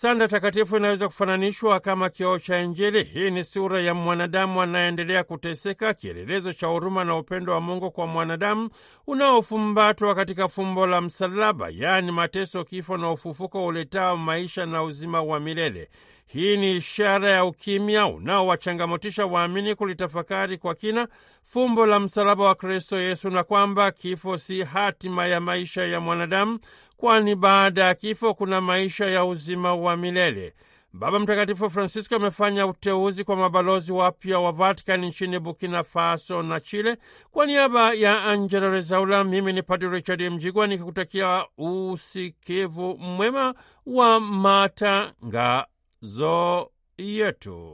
Sanda takatifu inaweza kufananishwa kama kioo cha Injili. Hii ni sura ya mwanadamu anayeendelea kuteseka, kielelezo cha huruma na upendo wa Mungu kwa mwanadamu unaofumbatwa katika fumbo la msalaba, yaani mateso, kifo na ufufuko uletao maisha na uzima wa milele. Hii ni ishara ya ukimya unaowachangamotisha waamini kulitafakari kwa kina fumbo la msalaba wa Kristo Yesu, na kwamba kifo si hatima ya maisha ya mwanadamu kwani baada ya kifo kuna maisha ya uzima wa milele. Baba Mtakatifu Francisco amefanya uteuzi kwa mabalozi wapya wa Vatikani nchini Burkina Faso na Chile. Kwa niaba ya Angela Rezaula, mimi ni Padre Richard Mjigwa nikikutakia usikivu mwema wa matangazo yetu.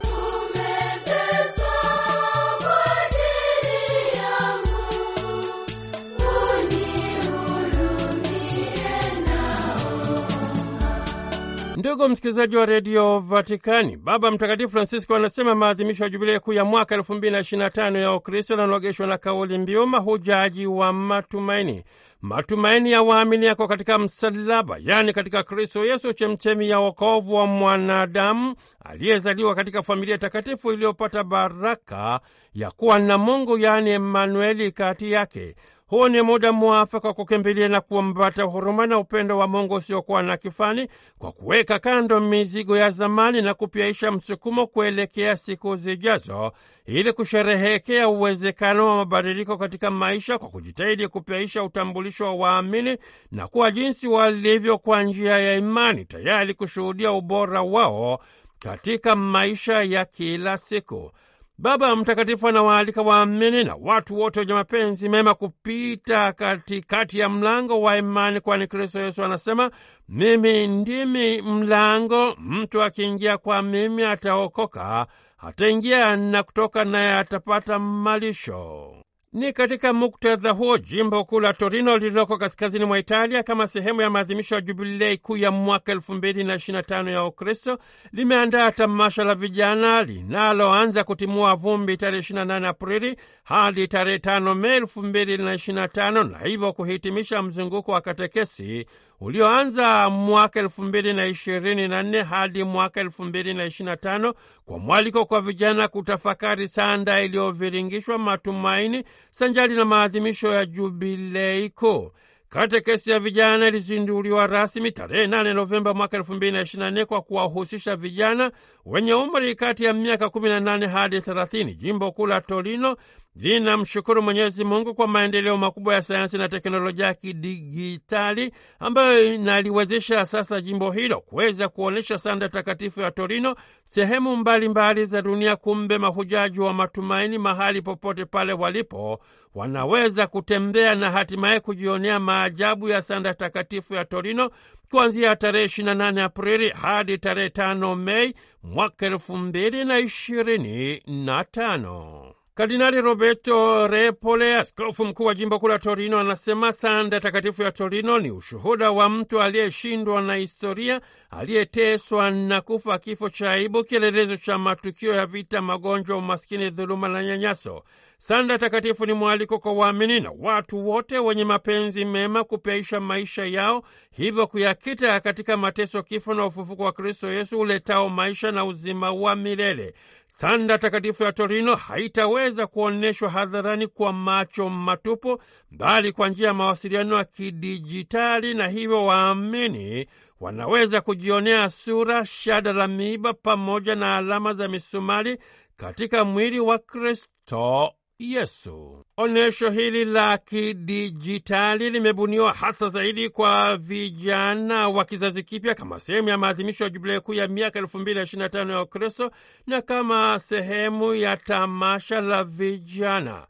Ndugu msikilizaji wa redio Vatikani, Baba Mtakatifu Francisco anasema maadhimisho ya jubilei kuu ya mwaka elfu mbili na ishirini na tano ya Ukristo yananogeshwa na kauli mbiu mahujaji wa matumaini. Matumaini ya waamini yako katika msalaba, yaani katika Kristo Yesu, chemchemi ya wokovu wa mwanadamu aliyezaliwa katika familia takatifu iliyopata baraka ya kuwa na Mungu, yaani Emanueli, kati yake. Huu ni muda mwafaka wa kukimbilia na kuambata huruma na upendo wa Mungu usiokuwa na kifani kwa kuweka kando mizigo ya zamani na kupyaisha msukumo kuelekea siku zijazo, ili kusherehekea uwezekano wa mabadiliko katika maisha kwa kujitahidi kupyaisha utambulisho wa waamini na kuwa jinsi walivyo kwa njia ya imani, tayari kushuhudia ubora wao katika maisha ya kila siku. Baba Mtakatifu anawaalika waamini na watu wote wenye mapenzi mema kupita katikati ya mlango wa imani, kwani Kristo Yesu anasema, mimi ndimi mlango, mtu akiingia kwa mimi ataokoka, ataingia na kutoka, naye atapata malisho. Ni katika muktadha huo jimbo kuu la Torino lililoko kaskazini mwa Italia, kama sehemu ya maadhimisho ya jubilei kuu ya mwaka elfu mbili na ishirini na tano ya Ukristo, limeandaa tamasha la vijana linaloanza kutimua vumbi tarehe nane Aprili hadi tarehe tano Mei elfu mbili na ishirini na tano na hivyo kuhitimisha mzunguko wa katekesi ulioanza mwaka elfu mbili na ishirini na nne hadi mwaka elfu mbili na ishirini na tano kwa mwaliko kwa vijana kutafakari sanda iliyoviringishwa matumaini sanjali na maadhimisho ya jubileiko. kati Katekesi ya vijana ilizinduliwa rasmi tarehe nane Novemba mwaka elfu mbili na nne kwa kuwahusisha vijana wenye umri kati ya miaka kumi na nane hadi thelathini jimbo kuu la Torino Linamshukuru Mwenyezi Mungu kwa maendeleo makubwa ya sayansi na teknolojia ya kidigitali ambayo inaliwezesha sasa jimbo hilo kuweza kuonyesha sanda takatifu ya Torino sehemu mbalimbali mbali za dunia. Kumbe mahujaji wa matumaini, mahali popote pale walipo, wanaweza kutembea na hatimaye kujionea maajabu ya sanda takatifu ya Torino kuanzia tarehe 28 Aprili hadi tarehe 5 Mei mwaka elfu mbili na ishirini na tano. Kardinali Roberto Repole, askofu mkuu wa jimbo kuu la Torino, anasema sanda takatifu ya Torino ni ushuhuda wa mtu aliyeshindwa na historia, aliyeteswa na kufa kifo cha aibu, kielelezo cha matukio ya vita, magonjwa, umaskini, dhuluma na nyanyaso. Sanda takatifu ni mwaliko kwa waamini na watu wote wenye mapenzi mema kupeisha maisha yao, hivyo kuyakita katika mateso, kifo na ufufuko wa Kristo Yesu uletao maisha na uzima wa milele. Sanda takatifu ya Torino haitaweza kuonyeshwa hadharani kwa macho matupu, bali kwa njia ya mawasiliano ya kidijitali, na hivyo waamini wanaweza kujionea sura, shada la miiba pamoja na alama za misumari katika mwili wa Kristo Yesu. Onyesho hili la kidijitali limebuniwa hasa zaidi kwa vijana wa kizazi kipya kama sehemu ya maadhimisho ya jubilei kuu ya miaka elfu mbili tano ya Ukristo na kama sehemu ya tamasha la vijana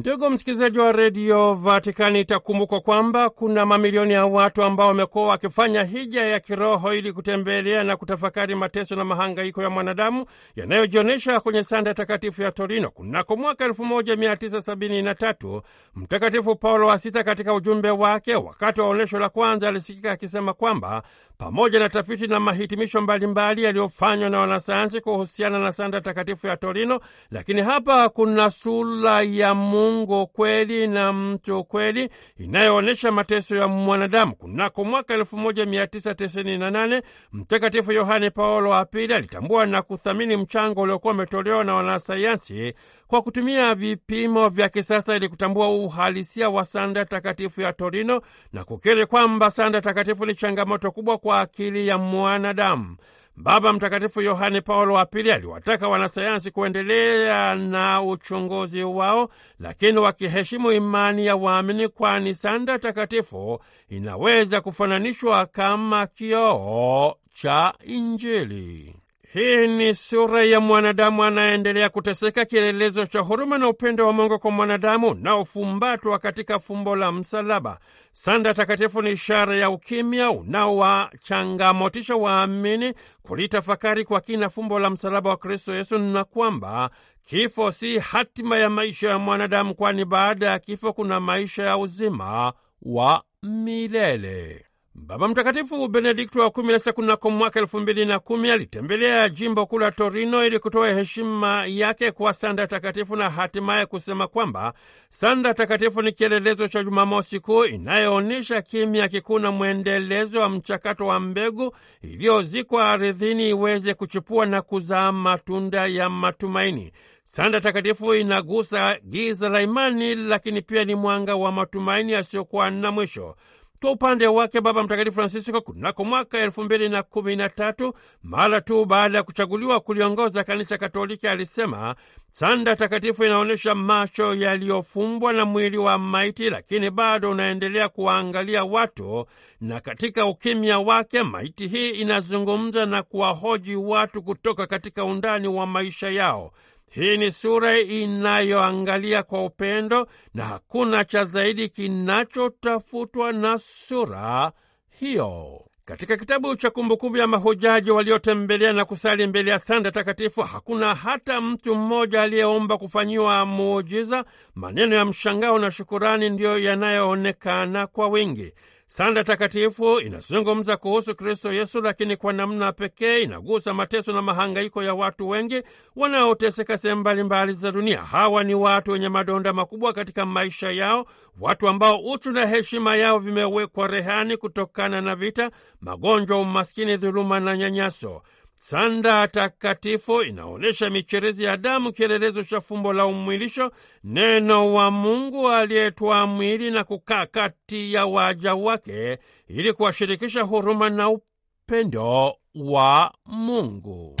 Ndugu msikilizaji wa redio Vatikani, itakumbukwa kwamba kuna mamilioni ya watu ambao wamekuwa wakifanya hija ya kiroho ili kutembelea na kutafakari mateso na mahangaiko ya mwanadamu yanayojionyesha kwenye sanda takatifu ya Torino. Kunako mwaka 1973 Mtakatifu Paulo wa Sita katika ujumbe wake wakati wa onyesho la kwanza alisikika akisema kwamba pamoja na tafiti na mahitimisho mbalimbali yaliyofanywa na wanasayansi kuhusiana na sanda takatifu ya Torino, lakini hapa kuna sura ya Mungu kweli na mtu kweli inayoonyesha mateso ya mwanadamu. Kunako mwaka 1998 Mtakatifu Yohane Paulo wa Pili alitambua na kuthamini mchango uliokuwa umetolewa na wanasayansi kwa kutumia vipimo vya kisasa ili kutambua uhalisia wa sanda takatifu ya Torino na kukiri kwamba sanda takatifu ni changamoto kubwa kwa akili ya mwanadamu. Baba Mtakatifu Yohane Paulo wa Pili aliwataka wanasayansi kuendelea na uchunguzi wao, lakini wakiheshimu imani ya waamini, kwani sanda takatifu inaweza kufananishwa kama kioo cha Injili. Hii ni sura ya mwanadamu anaendelea kuteseka, kielelezo cha huruma na upendo wa Mungu kwa mwanadamu unaofumbatwa katika fumbo la msalaba. Sanda takatifu ni ishara ya ukimya unaowachangamotisha waamini kulitafakari kwa kina fumbo la msalaba wa Kristo Yesu, na kwamba kifo si hatima ya maisha ya mwanadamu, kwani baada ya kifo kuna maisha ya uzima wa milele. Baba Mtakatifu Benedikto wa kumi na sita kunako mwaka elfu mbili na kumi alitembelea jimbo kuu la Torino ili kutoa heshima yake kwa sanda takatifu na hatimaye kusema kwamba sanda takatifu ni kielelezo cha Jumamosi Kuu inayoonyesha kimya kikuu na mwendelezo wa mchakato wa mbegu iliyozikwa ardhini iweze kuchipua na kuzaa matunda ya matumaini. Sanda takatifu inagusa giza la imani, lakini pia ni mwanga wa matumaini yasiyokuwa na mwisho. Kwa upande wake Baba Mtakatifu Francisco kunako mwaka elfu mbili na kumi na tatu mara tu baada ya kuchaguliwa kuliongoza kanisa Katoliki alisema sanda takatifu inaonyesha macho yaliyofumbwa na mwili wa maiti, lakini bado unaendelea kuwaangalia watu, na katika ukimya wake maiti hii inazungumza na kuwahoji watu kutoka katika undani wa maisha yao. Hii ni sura inayoangalia kwa upendo na hakuna cha zaidi kinachotafutwa na sura hiyo. Katika kitabu cha kumbukumbu ya mahujaji waliotembelea na kusali mbele ya sanda takatifu, hakuna hata mtu mmoja aliyeomba kufanyiwa muujiza. Maneno ya mshangao na shukurani ndiyo yanayoonekana kwa wingi. Sanda takatifu inazungumza kuhusu Kristo Yesu, lakini kwa namna pekee inagusa mateso na mahangaiko ya watu wengi wanaoteseka sehemu mbalimbali za dunia. Hawa ni watu wenye madonda makubwa katika maisha yao, watu ambao utu na heshima yao vimewekwa rehani kutokana na vita, magonjwa, umaskini, dhuluma na nyanyaso. Sanda takatifu inaonyesha micherezi ya damu, kielelezo cha fumbo la umwilisho, neno wa Mungu aliyetwa mwili na kukaa kati ya waja wake ili kuwashirikisha huruma na upendo wa Mungu.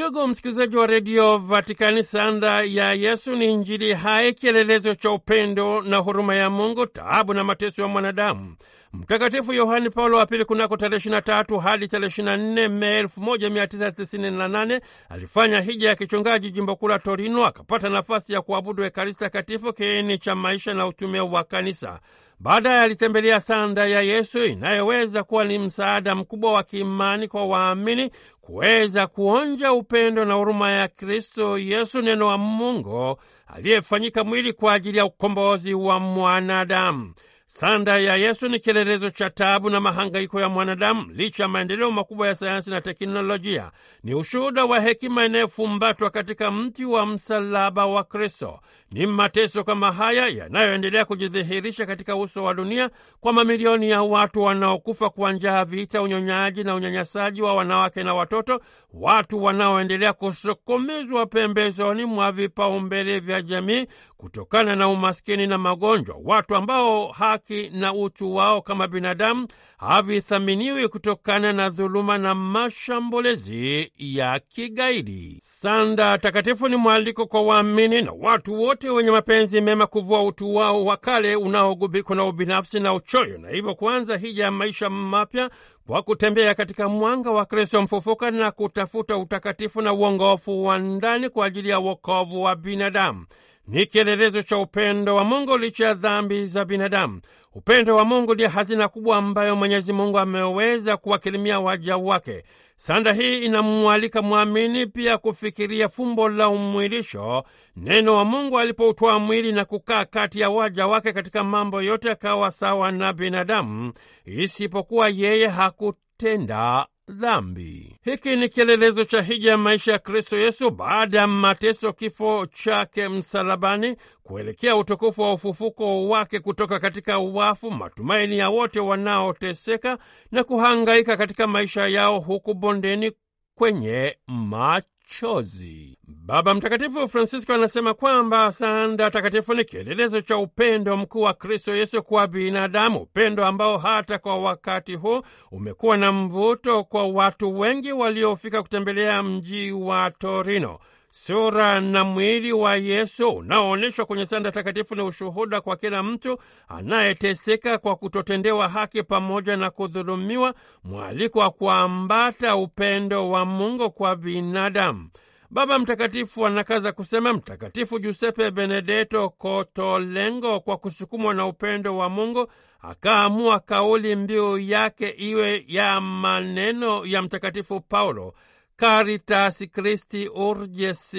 Ndugu msikilizaji wa redio Vatikani, sanda ya Yesu ni Injili hai, kielelezo cha upendo na huruma ya Mungu, taabu na mateso ya mwanadamu. Mtakatifu Yohani Paulo wa Pili kunako tarehe 23 hadi tarehe 24 Mei 1998 alifanya hija ya kichungaji jimbo kuu la Torino, akapata nafasi ya kuabudu Ekaristi Takatifu, kiini cha maisha na utume wa Kanisa. Baadaye alitembelea sanda ya Yesu inayoweza kuwa ni msaada mkubwa wa kiimani kwa waamini kuweza kuonja upendo na huruma ya Kristo Yesu, neno wa Mungu aliyefanyika mwili kwa ajili ya ukombozi wa mwanadamu. Sanda ya Yesu ni kielelezo cha taabu na mahangaiko ya mwanadamu licha ya maendeleo makubwa ya sayansi na teknolojia. Ni ushuhuda wa hekima inayofumbatwa katika mti wa msalaba wa Kristo. Ni mateso kama haya yanayoendelea kujidhihirisha katika uso wa dunia kwa mamilioni ya watu wanaokufa kwa njaa, vita, unyonyaji na unyanyasaji wa wanawake na watoto, watu wanaoendelea kusukumizwa pembezoni mwa vipaumbele vya jamii kutokana na umaskini na magonjwa, watu ambao haki na utu wao kama binadamu havithaminiwi kutokana na dhuluma na mashambulizi ya kigaidi. Sanda takatifu ni mwaliko kwa waamini na watu wote wote wenye mapenzi mema kuvua utu wao wa kale unaogubikwa na ubinafsi na uchoyo, na hivyo kuanza hija ya maisha mapya kwa kutembea katika mwanga wa Kristo mfufuka na kutafuta utakatifu na uongofu wa ndani kwa ajili ya wokovu wa binadamu. Ni kielelezo cha upendo wa Mungu licha ya dhambi za binadamu. Upendo wa Mungu ndiye hazina kubwa ambayo Mwenyezi Mungu ameweza kuwakirimia waja wake. Sanda hii inamwalika mwamini pia kufikiria fumbo la umwilisho, neno wa Mungu alipoutwaa mwili na kukaa kati ya waja wake, katika mambo yote akawa sawa na binadamu, isipokuwa yeye hakutenda dhambi. Hiki ni kielelezo cha hija ya maisha ya Kristo Yesu baada ya mateso, kifo chake msalabani, kuelekea utukufu wa ufufuko wake kutoka katika wafu, matumaini ya wote wanaoteseka na kuhangaika katika maisha yao huku bondeni kwenye machozi. Baba Mtakatifu Francisco anasema kwamba sanda takatifu ni kielelezo cha upendo mkuu wa Kristo Yesu kwa binadamu, upendo ambao hata kwa wakati huu umekuwa na mvuto kwa watu wengi waliofika kutembelea mji wa Torino. Sura na mwili wa Yesu unaoonyeshwa kwenye sanda takatifu ni ushuhuda kwa kila mtu anayeteseka kwa kutotendewa haki pamoja na kudhulumiwa, mwaliko wa kuambata upendo wa Mungu kwa binadamu. Baba Mtakatifu anakaza kusema Mtakatifu Jusepe Benedetto Kotolengo, kwa kusukumwa na upendo wa Mungu, akaamua kauli mbiu yake iwe ya maneno ya Mtakatifu Paulo, Caritas Christi Urges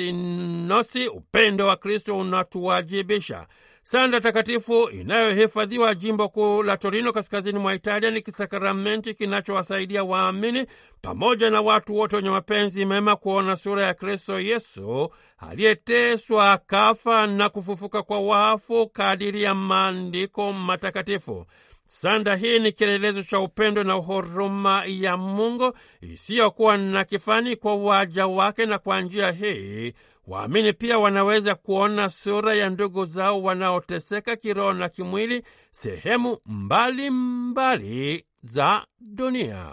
upendo wa Kristo unatuwajibisha. Sanda takatifu inayohifadhiwa jimbo kuu la Torino kaskazini mwa Italia ni kisakramenti kinachowasaidia waamini pamoja na watu wote wenye mapenzi mema kuona sura ya Kristo Yesu aliyeteswa kafa na kufufuka kwa wafu kadiri ya maandiko matakatifu. Sanda hii ni kielelezo cha upendo na huruma ya Mungu isiyokuwa na kifani kwa waja wake, na kwa njia hii Waamini pia wanaweza kuona sura ya ndugu zao wanaoteseka kiroho na kimwili sehemu mbalimbali mbali za dunia.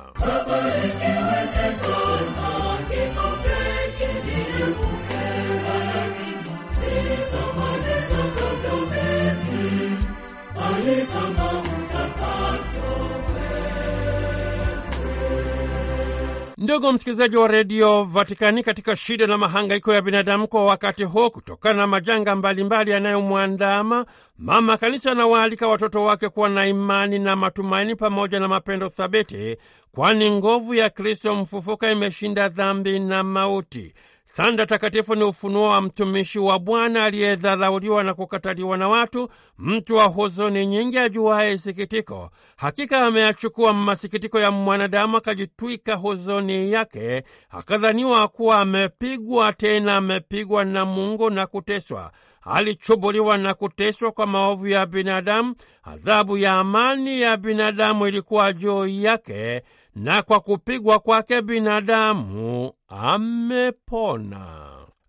Ndugu msikilizaji wa redio Vatikani, katika shida na mahangaiko ya binadamu kwa wakati huu kutokana na majanga mbalimbali yanayomwandama, mama kanisa anawaalika watoto wake kuwa na imani na matumaini pamoja na mapendo thabiti, kwani nguvu ya Kristo mfufuka imeshinda dhambi na mauti. Sanda takatifu ni ufunuo wa mtumishi wa Bwana aliyedharauliwa na kukataliwa na watu, mtu wa huzuni nyingi, ajuaye sikitiko. Hakika ameyachukua masikitiko ya mwanadamu, akajitwika huzuni yake, akadhaniwa kuwa amepigwa, tena amepigwa na Mungu na kuteswa. Alichubuliwa na kuteswa kwa maovu ya binadamu, adhabu ya amani ya binadamu ilikuwa juu yake na kwa kupigwa kwake binadamu amepona.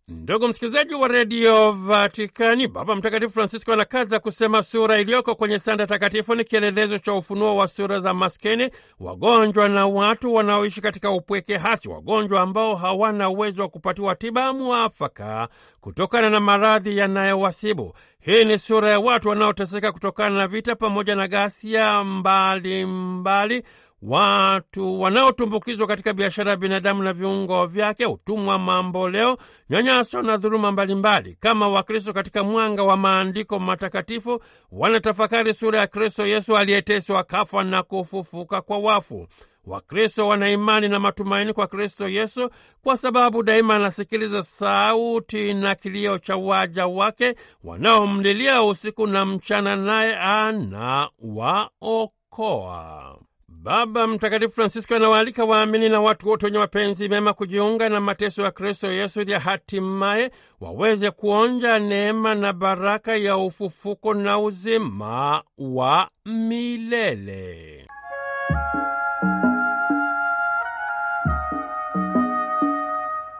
Ndugu msikilizaji wa redio Vatikani, Baba Mtakatifu Francisco anakaza kusema sura iliyoko kwenye sanda takatifu ni kielelezo cha ufunuo wa sura za maskini, wagonjwa na watu wanaoishi katika upweke hasi, wagonjwa ambao hawana uwezo wa kupatiwa tiba mwafaka kutokana na maradhi yanayowasibu. Hii ni sura ya watu wanaoteseka kutokana na vita pamoja na ghasia mbalimbali watu wanaotumbukizwa katika biashara ya binadamu na viungo vyake, utumwa mamboleo, nyanyaso na dhuluma mbalimbali. Kama Wakristo katika mwanga wa maandiko matakatifu, wanatafakari sura ya Kristo Yesu aliyeteswa, kafa na kufufuka kwa wafu. Wakristo wana imani na matumaini kwa Kristo Yesu kwa sababu daima anasikiliza sauti na kilio cha waja wake wanaomlilia usiku na mchana, naye anawaokoa. Baba Mtakatifu Francisco anawaalika waamini na watu wote wenye mapenzi mema kujiunga na mateso ya Kristo Yesu ili hatimaye waweze kuonja neema na baraka ya ufufuko na uzima wa milele.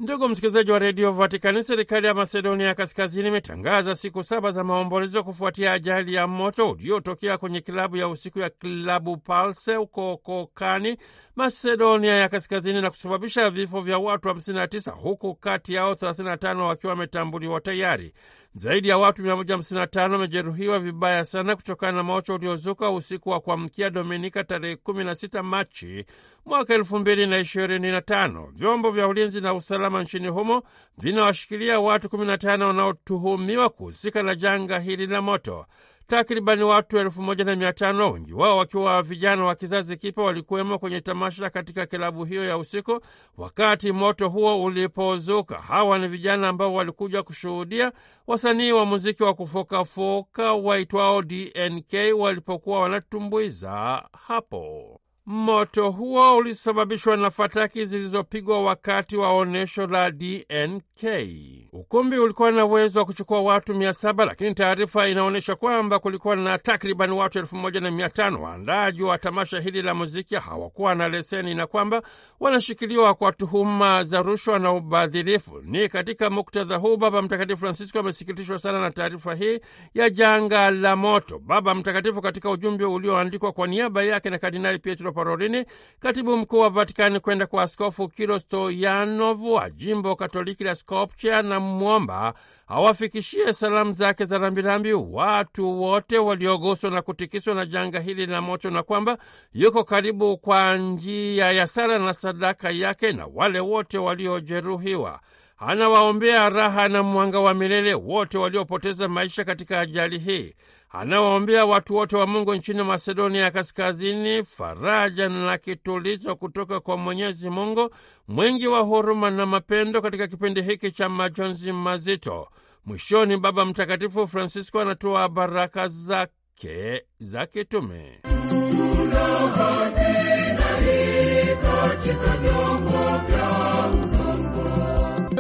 Ndugu msikilizaji wa redio Vatikani, serikali ya Masedonia ya Kaskazini imetangaza siku saba za maombolezo kufuatia ajali ya moto uliotokea kwenye kilabu ya usiku ya kilabu Palse huko Kokani, Masedonia ya Kaskazini, na kusababisha vifo vya watu 59 huku kati yao 35 wakiwa wametambuliwa tayari. Zaidi ya watu 155 wamejeruhiwa vibaya sana kutokana na moto uliozuka usiku wa kuamkia Dominika tarehe 16 Machi mwaka 2025. Vyombo vya ulinzi na usalama nchini humo vinawashikilia watu 15 wanaotuhumiwa kuhusika na janga hili la moto. Takribani watu elfu moja na mia tano, wengi wao wakiwa vijana wa kizazi kipya, walikuwemo kwenye tamasha katika kilabu hiyo ya usiku wakati moto huo ulipozuka. Hawa ni vijana ambao walikuja kushuhudia wasanii wa muziki wa kufokafoka waitwao DNK walipokuwa wanatumbuiza hapo. Moto huo ulisababishwa na fataki zilizopigwa wakati wa onyesho la DNK. Ukumbi ulikuwa na uwezo wa kuchukua watu mia saba, lakini taarifa inaonyesha kwamba kulikuwa na takribani watu elfu moja na mia tano. Waandaji wa tamasha hili la muziki hawakuwa na leseni na kwamba wanashikiliwa kwa tuhuma za rushwa na ubadhirifu. Ni katika muktadha huu Baba Mtakatifu Francisco amesikitishwa sana na taarifa hii ya janga la moto. Baba Mtakatifu katika ujumbe ulioandikwa kwa niaba yake na Kardinali Pietro Parolini, katibu mkuu wa Vatikani, kwenda kwa Askofu Kilo Stoyanov wa jimbo Katoliki la Skopje na mwomba awafikishie salamu zake za rambirambi watu wote walioguswa na kutikiswa na janga hili la moto, na kwamba yuko karibu kwa njia ya sala na sadaka yake na wale wote waliojeruhiwa anawaombea raha na mwanga wa milele wote waliopoteza maisha katika ajali hii anawaombea watu wote wa Mungu nchini Masedonia ya Kaskazini faraja na kitulizo kutoka kwa Mwenyezi Mungu mwingi wa huruma na mapendo katika kipindi hiki cha majonzi mazito. Mwishoni, Baba Mtakatifu Francisco anatoa baraka zake za kitume.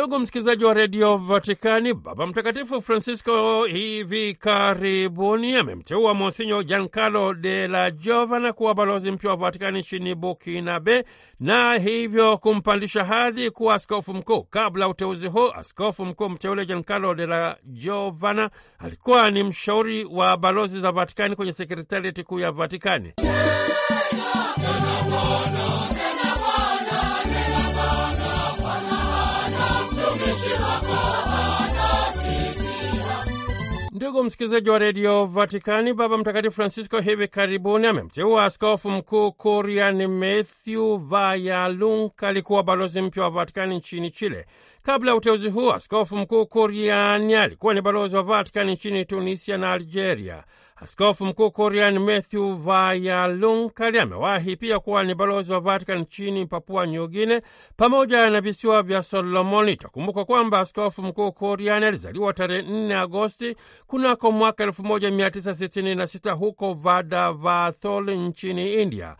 Ndugu msikilizaji wa redio Vatikani, Baba Mtakatifu Francisco hivi karibuni amemteua Monsinyo Giancarlo de la Giovana kuwa balozi mpya wa Vatikani nchini Bukinabe na hivyo kumpandisha hadhi kuwa askofu mkuu. Kabla uteuzi huu, askofu mkuu mteule Giancarlo de la Giovana alikuwa ni mshauri wa balozi za Vatikani kwenye sekretarieti kuu ya Vatikani. Ndugu msikilizaji wa redio Vatikani, Baba Mtakatifu Francisco hivi karibuni amemteua askofu mkuu Kurian Mathew vayalunk alikuwa balozi mpya wa Vatikani nchini Chile. Kabla ya uteuzi huu askofu mkuu Kuriani alikuwa ni balozi wa Vatikani nchini Tunisia na Algeria. Askofu Mkuu Kurian Mathew Vayalunkali amewahi pia kuwa ni balozi wa Vatican nchini Papua nyugine pamoja na visiwa vya Solomoni. takumbuka kwamba Askofu Mkuu Korian alizaliwa tarehe 4 Agosti kunako mwaka 1966 huko Vadavathol nchini India.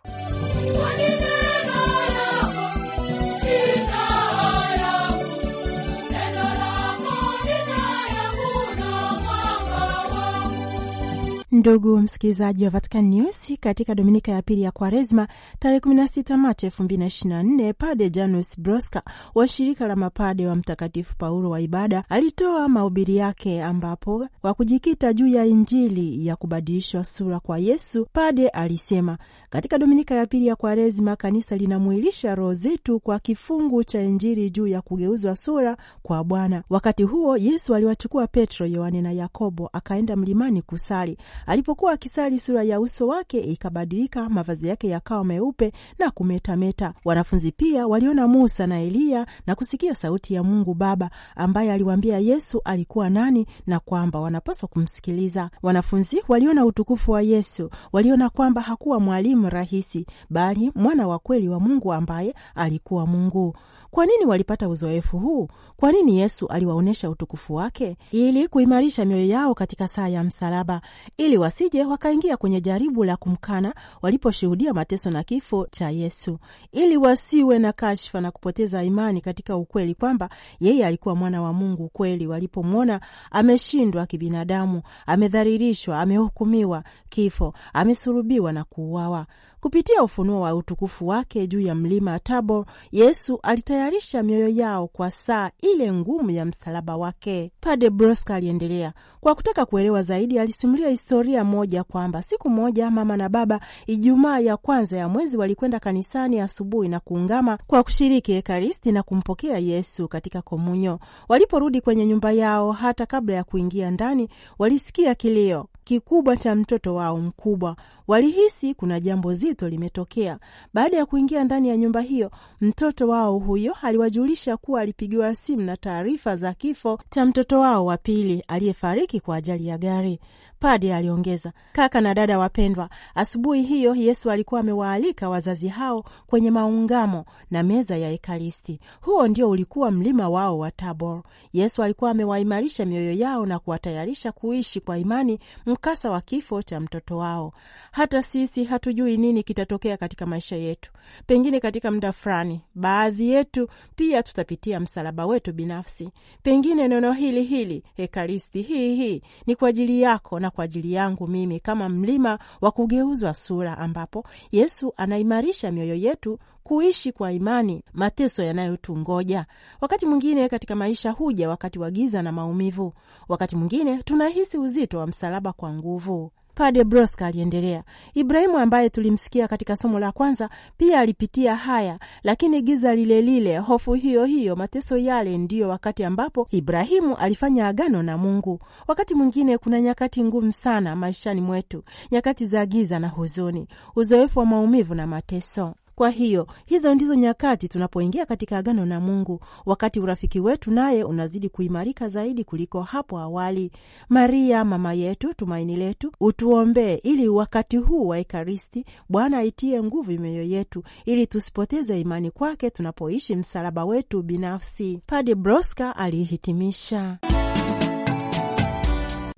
Ndugu msikilizaji wa Vatican News, katika dominika ya pili ya Kwaresma tarehe 16 Machi 2024, Pade Janus Broska wa shirika la mapade wa Mtakatifu Paulo wa ibada alitoa mahubiri yake, ambapo kwa kujikita juu ya Injili ya kubadilishwa sura kwa Yesu, Pade alisema katika dominika ya pili ya Kwaresma kanisa linamwilisha roho zetu kwa kifungu cha Injili juu ya kugeuzwa sura kwa Bwana. Wakati huo Yesu aliwachukua Petro, Yohane na Yakobo akaenda mlimani kusali Alipokuwa akisali, sura ya uso wake ikabadilika, mavazi yake yakawa meupe na kumetameta. Wanafunzi pia waliona Musa na Eliya na kusikia sauti ya Mungu Baba ambaye aliwaambia Yesu alikuwa nani na kwamba wanapaswa kumsikiliza. Wanafunzi waliona utukufu wa Yesu, waliona kwamba hakuwa mwalimu rahisi, bali mwana wa kweli wa Mungu ambaye alikuwa Mungu. Kwa nini walipata uzoefu huu? Kwa nini Yesu aliwaonyesha utukufu wake? Ili kuimarisha mioyo yao katika saa ya msalaba, ili wasije wakaingia kwenye jaribu la kumkana waliposhuhudia mateso na kifo cha Yesu, ili wasiwe na kashfa na kupoteza imani katika ukweli kwamba yeye alikuwa mwana wa Mungu kweli, walipomwona ameshindwa kibinadamu, amedharirishwa, amehukumiwa kifo, amesulubiwa na kuuawa. Kupitia ufunuo wa utukufu wake juu ya mlima Tabor, Yesu alitayarisha mioyo yao kwa saa ile ngumu ya msalaba wake. pade Broska aliendelea kwa kutaka kuelewa zaidi, alisimulia historia moja kwamba siku moja mama na baba, Ijumaa ya kwanza ya mwezi, walikwenda kanisani asubuhi na kuungama kwa kushiriki Ekaristi na kumpokea Yesu katika komunyo. Waliporudi kwenye nyumba yao, hata kabla ya kuingia ndani, walisikia kilio kikubwa cha mtoto wao mkubwa. Walihisi kuna jambo zito limetokea. Baada ya kuingia ndani ya nyumba hiyo, mtoto wao huyo aliwajulisha kuwa alipigiwa simu na taarifa za kifo cha mtoto wao wa pili aliyefariki kwa ajali ya gari. Padi aliongeza, kaka na dada wapendwa, asubuhi hiyo Yesu alikuwa amewaalika wazazi hao kwenye maungamo na meza ya Ekaristi. Huo ndio ulikuwa mlima wao wa Tabor. Yesu alikuwa amewaimarisha mioyo yao na kuwatayarisha kuishi kwa imani mkasa wa kifo cha mtoto wao. Hata sisi hatujui nini kitatokea katika maisha yetu. Pengine katika muda fulani, baadhi yetu pia tutapitia msalaba wetu binafsi. Pengine neno hili hili, Ekaristi hii hii, ni kwa ajili yako na sana kwa ajili yangu mimi, kama mlima wa kugeuzwa sura, ambapo Yesu anaimarisha mioyo yetu kuishi kwa imani mateso yanayotungoja. Wakati mwingine katika maisha huja wakati wa giza na maumivu, wakati mwingine tunahisi uzito wa msalaba kwa nguvu. Padre Broska aliendelea. Ibrahimu ambaye tulimsikia katika somo la kwanza pia alipitia haya, lakini giza lilelile, hofu hiyo hiyo, mateso yale, ndiyo wakati ambapo Ibrahimu alifanya agano na Mungu. Wakati mwingine kuna nyakati ngumu sana maishani mwetu, nyakati za giza na huzuni, uzoefu wa maumivu na mateso. Kwa hiyo hizo ndizo nyakati tunapoingia katika agano na Mungu, wakati urafiki wetu naye unazidi kuimarika zaidi kuliko hapo awali. Maria mama yetu, tumaini letu, utuombee ili wakati huu wa Ekaristi Bwana aitie nguvu mioyo yetu, ili tusipoteze imani kwake tunapoishi msalaba wetu binafsi. Padre Broska alihitimisha.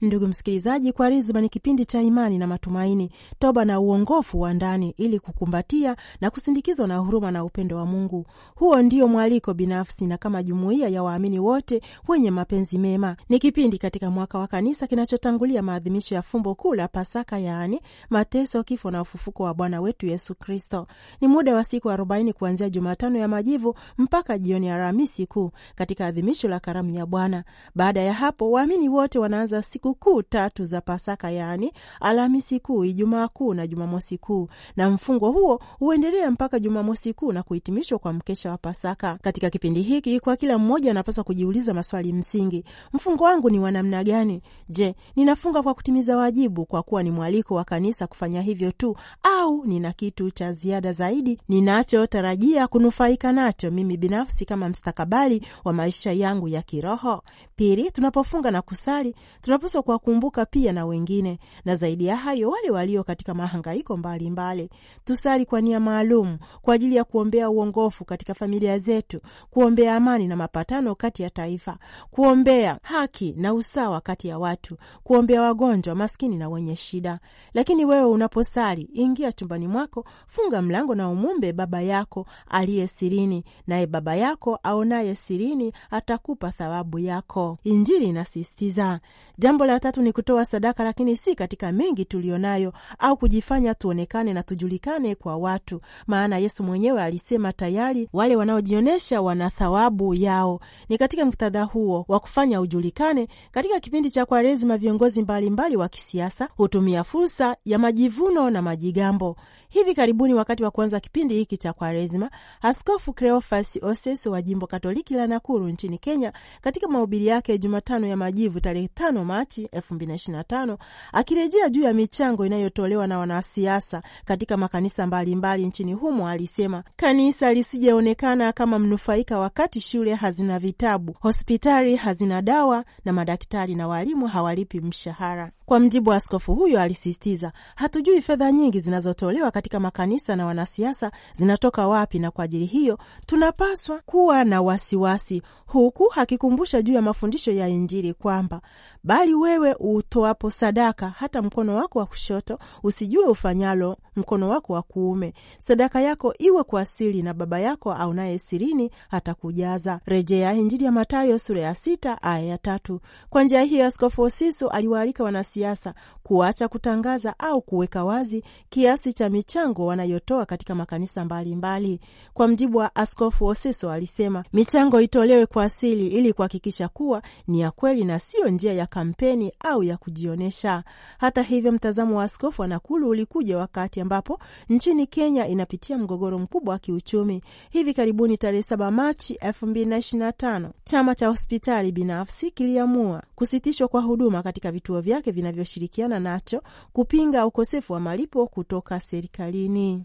Ndugu msikilizaji, Kwaresima ni kipindi cha imani na matumaini, toba na uongofu wa ndani, ili kukumbatia na kusindikizwa na huruma na upendo wa Mungu. Huo ndio mwaliko binafsi na kama jumuiya ya waamini wote wenye mapenzi mema. Ni kipindi katika mwaka wa kanisa kinachotangulia maadhimisho ya fumbo kuu la Pasaka, yaani mateso, kifo na ufufuko wa Bwana wetu Yesu Kristo. Ni muda wa siku arobaini kuanzia Jumatano ya Majivu mpaka jioni ya Alhamisi Kuu, katika adhimisho la karamu ya Bwana. Baada ya hapo, waamini wote wanaanza siku sikukuu tatu za Pasaka, yaani Alhamisi Kuu, Ijumaa Kuu na Jumamosi Kuu, na mfungo huo huendelea mpaka Jumamosi Kuu na kuhitimishwa kwa mkesha wa Pasaka. Katika kipindi hiki, kwa kila mmoja anapaswa kujiuliza maswali msingi: mfungo wangu ni wa namna gani? Je, ninafunga kwa kutimiza wajibu, kwa kuwa ni mwaliko wa kanisa kufanya hivyo tu, au nina kitu cha ziada zaidi ninachotarajia kunufaika nacho mimi binafsi kama mstakabali wa maisha yangu ya kiroho? Pili, tunapofunga na kusali tunapaswa kuwakumbuka pia na wengine, na zaidi ya hayo, wale walio katika mahangaiko mbalimbali. Tusali kwa nia maalum kwa ajili ya kuombea uongofu katika familia zetu, kuombea amani na mapatano kati ya taifa, kuombea haki na usawa kati ya watu, kuombea wagonjwa, maskini na wenye shida. Lakini wewe unaposali, ingia chumbani mwako, funga mlango na umwombe Baba yako aliye sirini, naye Baba yako aonaye sirini atakupa thawabu yako. Injili inasisitiza jambo Jambo la tatu ni kutoa sadaka, lakini si katika mengi nayo au kujifanya tuonekane na tujulikane kwa watu, maana Yesu mwenyewe alisema tayari wale wanaojionyesha wana thawabu yao. Ni katika muktadha huo wa kufanya ujulikane, katika kipindi cha Kwaresima viongozi mbalimbali wa kisiasa hutumia fursa ya majivuno na majigambo. Hivi karibuni, wakati wa kuanza kipindi hiki cha Kwaresima, Askofu Cleofas Oseso wa jimbo Katoliki la Nakuru nchini Kenya, katika mahubiri yake Jumatano ya Majivu tarehe 5 Machi 2025 akirejea juu ya michango inayotolewa na wanasiasa katika makanisa mbalimbali mbali nchini humo, alisema kanisa lisijeonekana kama mnufaika wakati shule hazina vitabu, hospitali hazina dawa na madaktari na walimu hawalipi mshahara. Kwa mjibu wa askofu huyo, alisisitiza, hatujui fedha nyingi zinazotolewa katika makanisa na wanasiasa zinatoka wapi, na kwa ajili hiyo tunapaswa kuwa na wasiwasi, huku akikumbusha juu ya mafundisho ya Injili kwamba bali wewe utoapo sadaka, hata mkono wako wa kushoto usijue ufanyalo mkono wako wa kuume, sadaka yako iwe kwa siri, na Baba yako aunaye sirini atakujaza. Rejea Injili ya Mathayo sura ya sita aya ya tatu. Kwa njia hiyo askofu Osisu aliwaalika wana siasa kuacha kutangaza au kuweka wazi kiasi cha michango wanayotoa katika makanisa mbalimbali mbali. Kwa mjibu wa Askofu Oseso alisema michango itolewe kwa asili ili kuhakikisha kuwa ni ya kweli na siyo njia ya kampeni au ya kujionyesha. Hata hivyo, mtazamo wa askofu wa Nakuru ulikuja wakati ambapo nchini Kenya inapitia mgogoro mkubwa wa kiuchumi. Hivi karibuni tarehe 7 Machi 2025 chama cha hospitali binafsi kiliamua kusitishwa kwa huduma katika vituo vyake vinavyoshirikiana nacho kupinga ukosefu wa malipo kutoka serikalini.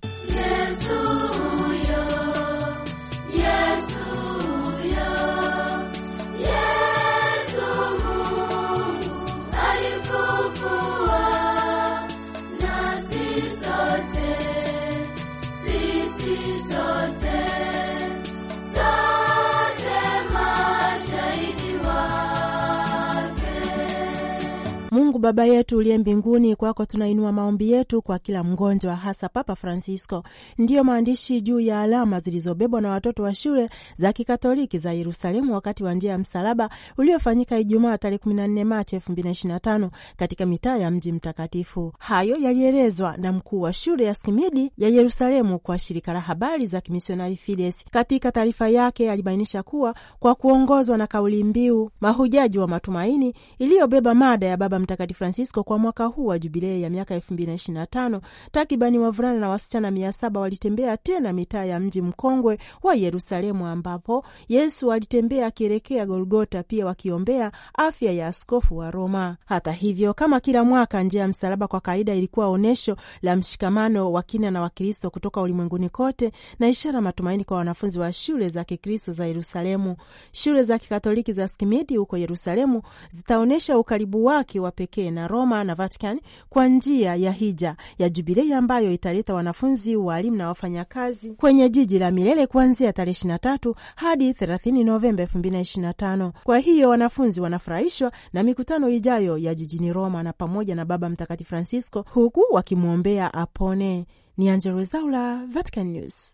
Mungu Baba yetu uliye mbinguni, kwako tunainua maombi yetu kwa kila mgonjwa, hasa Papa Francisco. Ndiyo maandishi juu ya alama zilizobebwa na watoto wa shule za Kikatoliki za Yerusalemu wakati wa njia ya msalaba uliofanyika Ijumaa tarehe 14 Machi 2025 katika mitaa ya mji mtakatifu. Hayo yalielezwa na mkuu wa shule ya Skimidi ya Yerusalemu kwa shirika la habari za kimisionari Fides. Katika taarifa yake alibainisha kuwa kwa kuongozwa na kauli mbiu mahujaji wa matumaini iliyobeba mada ya Baba Mtakatifu Daktari Francisco kwa mwaka huu wa jubilei ya miaka 2025 takribani wavulana na wasichana mia saba walitembea tena mitaa ya mji mkongwe wa Yerusalemu ambapo Yesu alitembea akielekea Golgota, pia wakiombea afya ya askofu wa Roma. Hata hivyo, kama kila mwaka, njia ya msalaba kwa kawaida ilikuwa onyesho la mshikamano wa kina na Wakristo kutoka ulimwenguni kote na ishara matumaini kwa wanafunzi wa shule za Kikristo za Yerusalemu. Shule za Kikatoliki za Skimidi huko Yerusalemu zitaonyesha ukaribu wake wa pekee yake na Roma na Vatican kwa njia ya hija ya Jubilei ambayo italeta wanafunzi, waalimu na wafanyakazi kwenye jiji la milele kuanzia tarehe 23 hadi 30 Novemba 2025. Kwa hiyo wanafunzi wanafurahishwa na mikutano ijayo ya jijini Roma na pamoja na Baba Mtakatifu Francisco, huku wakimwombea apone. Ni Angella Rwezaula, Vatican News.